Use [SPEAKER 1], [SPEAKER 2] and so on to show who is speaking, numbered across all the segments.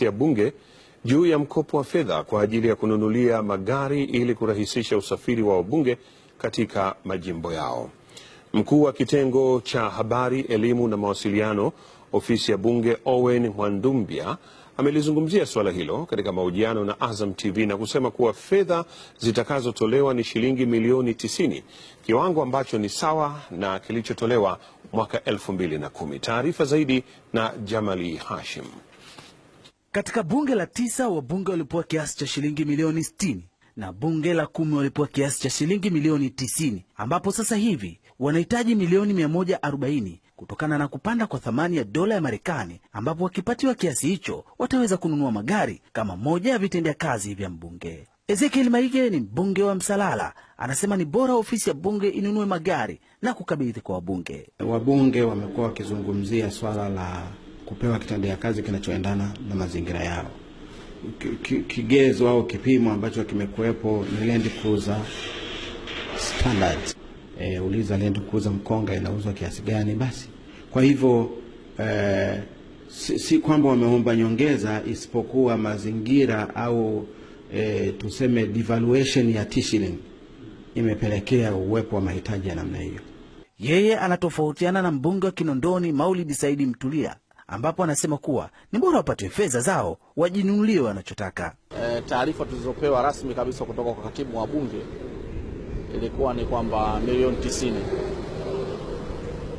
[SPEAKER 1] ya bunge juu ya mkopo wa fedha kwa ajili ya kununulia magari ili kurahisisha usafiri wa wabunge katika majimbo yao. Mkuu wa kitengo cha habari, elimu na mawasiliano, ofisi ya bunge, Owen Mwandumbia amelizungumzia suala hilo katika mahojiano na Azam TV na kusema kuwa fedha zitakazotolewa ni shilingi milioni 90, kiwango ambacho ni sawa na kilichotolewa mwaka 2010. Taarifa zaidi na Jamali Hashim.
[SPEAKER 2] Katika bunge la tisa wabunge walipewa kiasi cha shilingi milioni 60 na bunge la kumi walipewa kiasi cha shilingi milioni tisini ambapo sasa hivi wanahitaji milioni 140 kutokana na kupanda kwa thamani ya dola ya Marekani, ambapo wakipatiwa kiasi hicho wataweza kununua magari kama moja ya vitendea kazi vya mbunge. Ezekiel Maige ni mbunge wa Msalala, anasema ni bora ofisi ya bunge inunue magari na kukabidhi kwa wabunge.
[SPEAKER 3] Wabunge wamekuwa wakizungumzia swala la kupewa kitendea kazi kinachoendana na mazingira yao. Kigezo au kipimo ambacho kimekuwepo ni Land Cruiser E, uliza Land Cruiser mkonga inauzwa kiasi gani? Basi kwa hivyo e, si, si kwamba wameomba nyongeza, isipokuwa mazingira au e, tuseme devaluation ya t imepelekea uwepo wa mahitaji ya namna hiyo.
[SPEAKER 2] Yeye anatofautiana na mbunge wa Kinondoni Maulidi Saidi Mtulia ambapo anasema kuwa ni bora wapatiwe fedha zao wajinunulie wanachotaka.
[SPEAKER 4] E, taarifa tulizopewa rasmi kabisa kutoka kwa katibu wa Bunge ilikuwa ni kwamba milioni tisini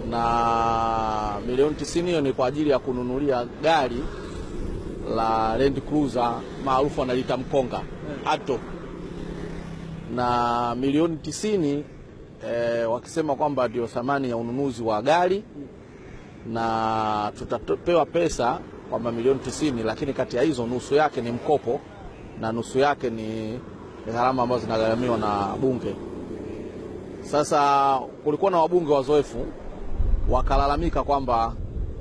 [SPEAKER 4] na milioni tisini hiyo ni kwa ajili ya kununulia gari la Land Cruiser maarufu analita mkonga ato na milioni tisini e, wakisema kwamba ndio thamani ya ununuzi wa gari na tutapewa pesa kwamba milioni tisini, lakini kati ya hizo nusu yake ni mkopo na nusu yake ni gharama ambazo zinagharamiwa na Bunge. Sasa kulikuwa na wabunge wazoefu wakalalamika kwamba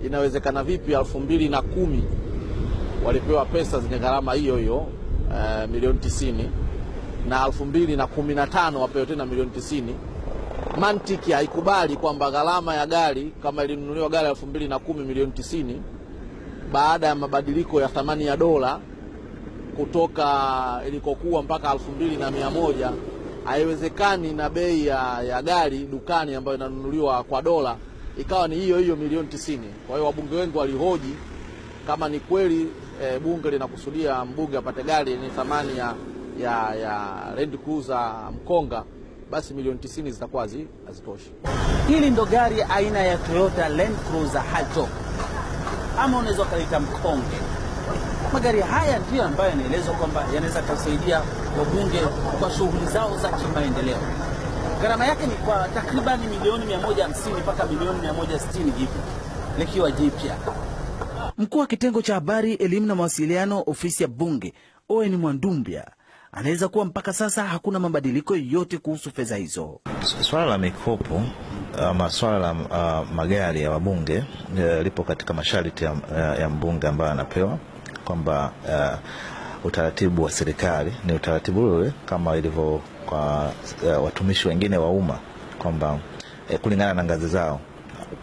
[SPEAKER 4] inawezekana vipi elfu mbili na kumi walipewa pesa zenye gharama hiyo hiyo e, milioni tisini na elfu mbili na kumi na tano wapewe tena milioni tisini mantiki haikubali kwamba gharama ya gari kama ilinunuliwa gari elfu mbili na kumi milioni tisini baada ya mabadiliko ya thamani ya dola kutoka ilikokuwa mpaka elfu mbili na mia moja haiwezekani na bei ya, ya gari dukani ambayo inanunuliwa kwa dola ikawa ni hiyo hiyo milioni tisini. Kwa hiyo wabunge wengi walihoji kama ni kweli e, bunge linakusudia mbunge apate gari ni thamani ya, ya, ya Land Cruiser Mkonga basi milioni tisini zitakuwa hazitoshi.
[SPEAKER 5] Hili ndo gari aina ya Toyota Land Cruiser Hato ama unaweza ukalita mkonge. Magari haya ndiyo ambayo yanaelezwa kwamba yanaweza kusaidia wabunge kwa shughuli zao za kimaendeleo. Gharama yake ni kwa takribani milioni 150 mpaka milioni 160 hivi likiwa jipya.
[SPEAKER 2] Mkuu wa kitengo cha habari, elimu na mawasiliano, ofisi ya Bunge, Owen Mwandumbia anaweza kuwa mpaka sasa hakuna mabadiliko yoyote kuhusu fedha hizo.
[SPEAKER 6] Swala la mikopo uh, ama swala la uh, magari ya wabunge uh, lipo katika masharti ya, uh, ya mbunge ambayo anapewa kwamba uh, utaratibu wa serikali ni utaratibu ule kama ilivyo kwa uh, watumishi wengine wa umma kwamba uh, kulingana na ngazi zao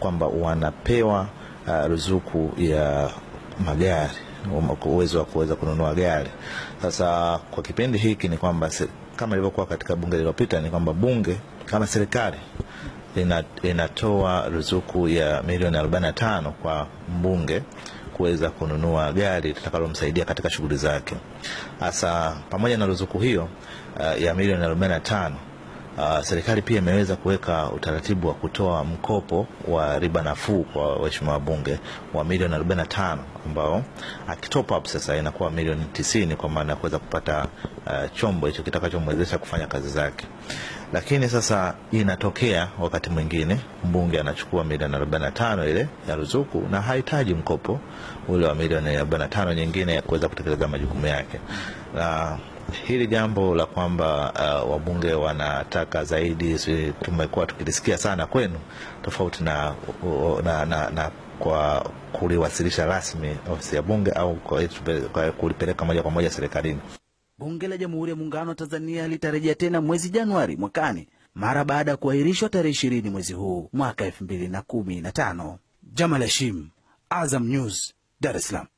[SPEAKER 6] kwamba wanapewa uh, ruzuku ya magari uwezo wa kuweza kununua gari. Sasa kwa kipindi hiki ni kwamba kama ilivyokuwa katika bunge lililopita, ni kwamba bunge kama serikali inatoa ruzuku ya milioni 45 kwa mbunge kuweza kununua gari litakalomsaidia katika shughuli zake. Sasa pamoja na ruzuku hiyo uh, ya milioni 45 Uh, serikali pia imeweza kuweka utaratibu wa kutoa mkopo wa riba nafuu kwa waheshimiwa wabunge wa milioni 45 ambao akitop up sasa inakuwa milioni 90 kwa maana ya kuweza kupata uh, chombo hicho kitakachomwezesha kufanya kazi zake. Lakini sasa inatokea wakati mwingine mbunge anachukua milioni 45 ile ya ruzuku na hahitaji mkopo ule wa milioni 45 nyingine ya kuweza kutekeleza majukumu yake na uh, hili jambo la kwamba uh, wabunge wanataka zaidi, tumekuwa tukilisikia sana kwenu, tofauti na, na, na, na kwa kuliwasilisha rasmi ofisi ya bunge au kwa, kwa kulipeleka moja kwa moja serikalini.
[SPEAKER 2] Bunge la Jamhuri ya Muungano wa Tanzania litarejea tena mwezi Januari mwakani mara baada ya kuahirishwa tarehe ishirini mwezi huu mwaka elfu mbili na kumi na tano. Jamal Hashim, Azam News, Dar es Salaam.